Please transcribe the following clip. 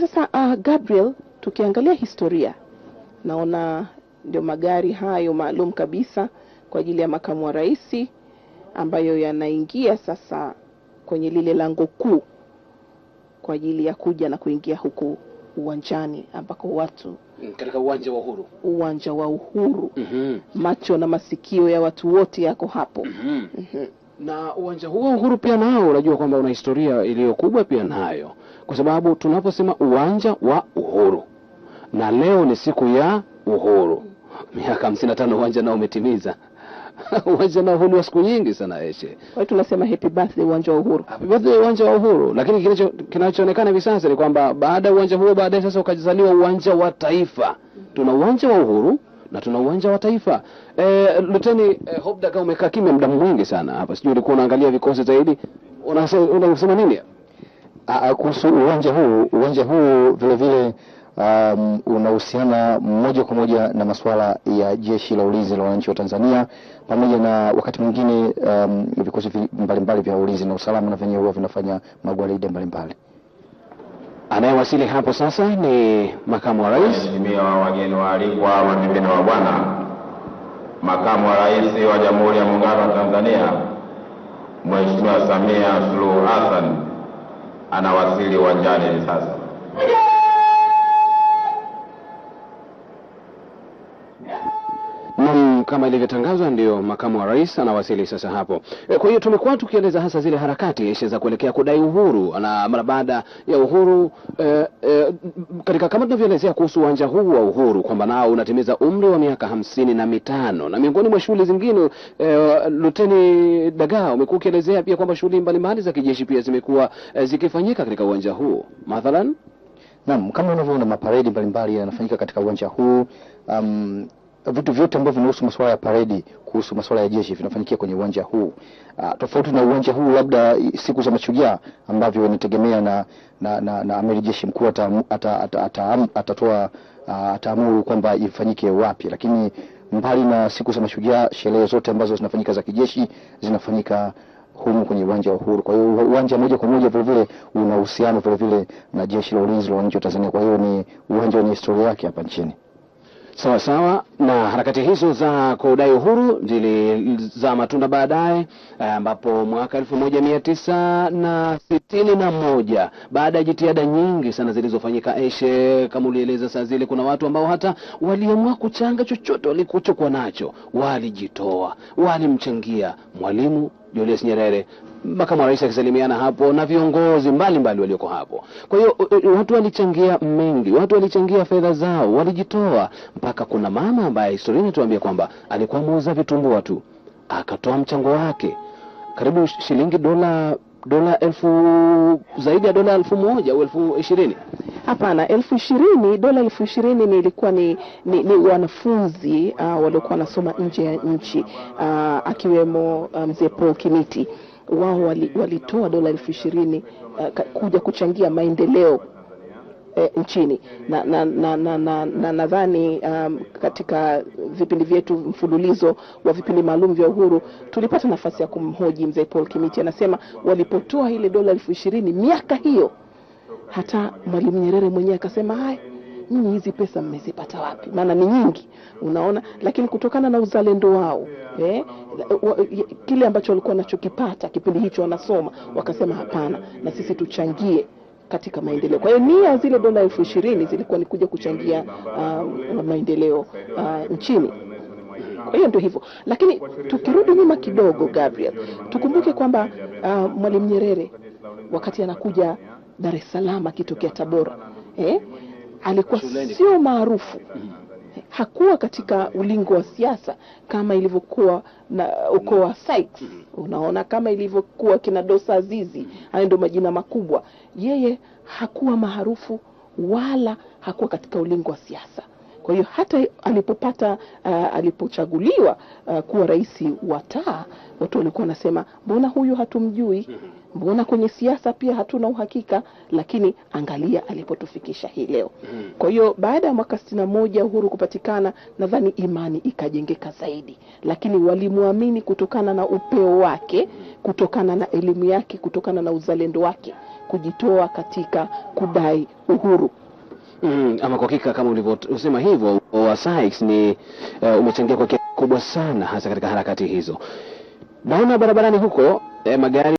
Sasa uh, Gabriel, tukiangalia historia, naona ndio magari hayo maalum kabisa kwa ajili ya makamu wa rais ambayo yanaingia sasa kwenye lile lango kuu kwa ajili ya kuja na kuingia huku uwanjani ambako watu mm, katika uwanja wa Uhuru, uwanja wa Uhuru. Mm -hmm. Macho na masikio ya watu wote yako hapo. Mm -hmm. Mm -hmm na uwanja huo Uhuru pia nao unajua kwamba una historia iliyo kubwa pia nayo, kwa sababu tunaposema uwanja wa Uhuru na leo ni siku ya uhuru, miaka hamsini na tano uwanja nao umetimiza uwanja nao huni wa siku nyingi sana Eshe. Kwa hiyo tunasema happy birthday uwanja wa Uhuru, happy birthday uwanja wa Uhuru. Lakini kinacho kinachoonekana hivi sasa ni kwamba baada ya uwanja huo baadaye sasa ukajizaliwa uwanja wa Taifa. Tuna uwanja wa Uhuru, na tuna uwanja wa taifa. E, Luteni e, Hope Daga, umekaa kimya muda mwingi sana hapa, sijui ulikuwa unaangalia vikosi zaidi, unasema nini ah, ah, kuhusu uwanja huu? Uwanja huu vile vile Um, unahusiana moja kwa moja na masuala ya Jeshi la Ulinzi la Wananchi wa Tanzania pamoja na wakati mwingine um, vikosi mbalimbali vya ulinzi na usalama na vyenyewe huwa vinafanya magwaride mbalimbali. Anayewasili hapo sasa ni makamu wa rais. Mheshimiwa wageni waalikwa, mabibi na mabwana, makamu wa rais wa Jamhuri ya Muungano wa Tanzania Mheshimiwa Samia Suluhu Hassan anawasili uwanjani hivi sasa. kama ilivyotangazwa ndio makamu wa rais anawasili sasa hapo. E, kwa hiyo tumekuwa tukieleza hasa zile harakati za kuelekea kudai uhuru na mara baada ya uhuru e, e, katika kama tunavyoelezea kuhusu uwanja huu wa uhuru kwamba nao unatimiza umri wa miaka hamsini na mitano na miongoni mwa shughuli zingine e, Luteni Dagaa umekuwa ukielezea pia kwamba shughuli mbalimbali za kijeshi pia zimekuwa e, zikifanyika katika uwanja huu mathalan Naam, kama unavyoona maparedi mbalimbali yanafanyika katika uwanja huu um, vitu vyote ambavyo vinahusu masuala ya paredi, kuhusu masuala ya jeshi vinafanyikia kwenye uwanja huu uh, tofauti na uwanja huu labda siku za mashujaa ambavyo inategemea na, na, na, na amiri jeshi mkuu atatoa ata, uh, ataamuru kwamba ifanyike wapi, lakini mbali na siku za mashujaa, sherehe zote ambazo zinafanyika za kijeshi zinafanyika humu kwenye uwanja wa Uhuru. Kwa hiyo uwanja moja kwa moja vilevile una uhusiano vilevile na jeshi la ulinzi la wananchi wa Tanzania. Kwa hiyo ni uwanja wenye historia yake hapa nchini. Sawa sawa na harakati hizo za kudai uhuru zilizaa matunda baadaye, eh, ambapo mwaka elfu moja mia tisa na sitini na moja baada ya jitihada nyingi sana zilizofanyika eshe, kama ulieleza saa zile, kuna watu ambao hata waliamua kuchanga chochote walikuchokuwa nacho, walijitoa, walimchangia Mwalimu Julius Nyerere makamu wa rais akisalimiana hapo na viongozi mbalimbali walioko hapo. Kwa hiyo watu walichangia mengi, watu walichangia fedha zao, walijitoa mpaka kuna mama ambaye historia inatuambia kwamba alikuwa muuza vitumbua tu akatoa mchango wake karibu shilingi dola dola elfu zaidi ya dola elfu moja au elfu ishirini Hapana, elfu ishirini dola elfu ishirini ni ilikuwa ni, ni, ni wanafunzi uh, waliokuwa wanasoma nje ya nchi uh, akiwemo ah, mzee um, Paul Kimiti wao walitoa wali dola elfu ishirini uh, kuja kuchangia maendeleo E, nchini na nadhani na, na, na, na, na um, katika vipindi vyetu mfululizo wa vipindi maalum vya uhuru tulipata nafasi ya kumhoji mzee Paul Kimiti. Anasema walipotoa ile dola elfu ishirini miaka hiyo, hata Mwalimu Nyerere mwenyewe akasema haya nyinyi hizi pesa mmezipata wapi? Maana ni nyingi, unaona. Lakini kutokana na uzalendo wao eh, kile ambacho walikuwa wanachokipata kipindi hicho wanasoma, wakasema hapana, na sisi tuchangie katika maendeleo. Kwa hiyo nia zile dola elfu ishirini zilikuwa ni kuja kuchangia uh, maendeleo uh, nchini. Kwa hiyo ndio hivyo, lakini tukirudi nyuma kidogo, Gabriel, tukumbuke kwamba uh, Mwalimu Nyerere wakati anakuja Dar es Salaam akitokea Tabora eh, alikuwa sio maarufu hakuwa katika ulingo wa siasa kama ilivyokuwa na ukoo wa Sykes mm-hmm. unaona, kama ilivyokuwa kina Dosa Azizi mm haya ndio majina makubwa. Yeye hakuwa maarufu wala hakuwa katika ulingo wa siasa. Kwa hiyo hata alipopata uh, alipochaguliwa uh, kuwa rais wa taa, watu walikuwa wanasema mbona huyu hatumjui? Mm-hmm mbona kwenye siasa pia hatuna uhakika, lakini angalia alipotufikisha hii leo. Mm. Kwa hiyo baada ya mwaka sitini na moja uhuru kupatikana, nadhani imani ikajengeka zaidi, lakini walimwamini kutokana na upeo wake, kutokana na elimu yake, kutokana na uzalendo wake, kujitoa katika kudai uhuru. Mm, ama kwa hakika kama ulivyosema hivyo, Wasaics ni uh, umechangia kwa kiasi kubwa sana hasa katika harakati hizo. Naona barabarani huko eh, magari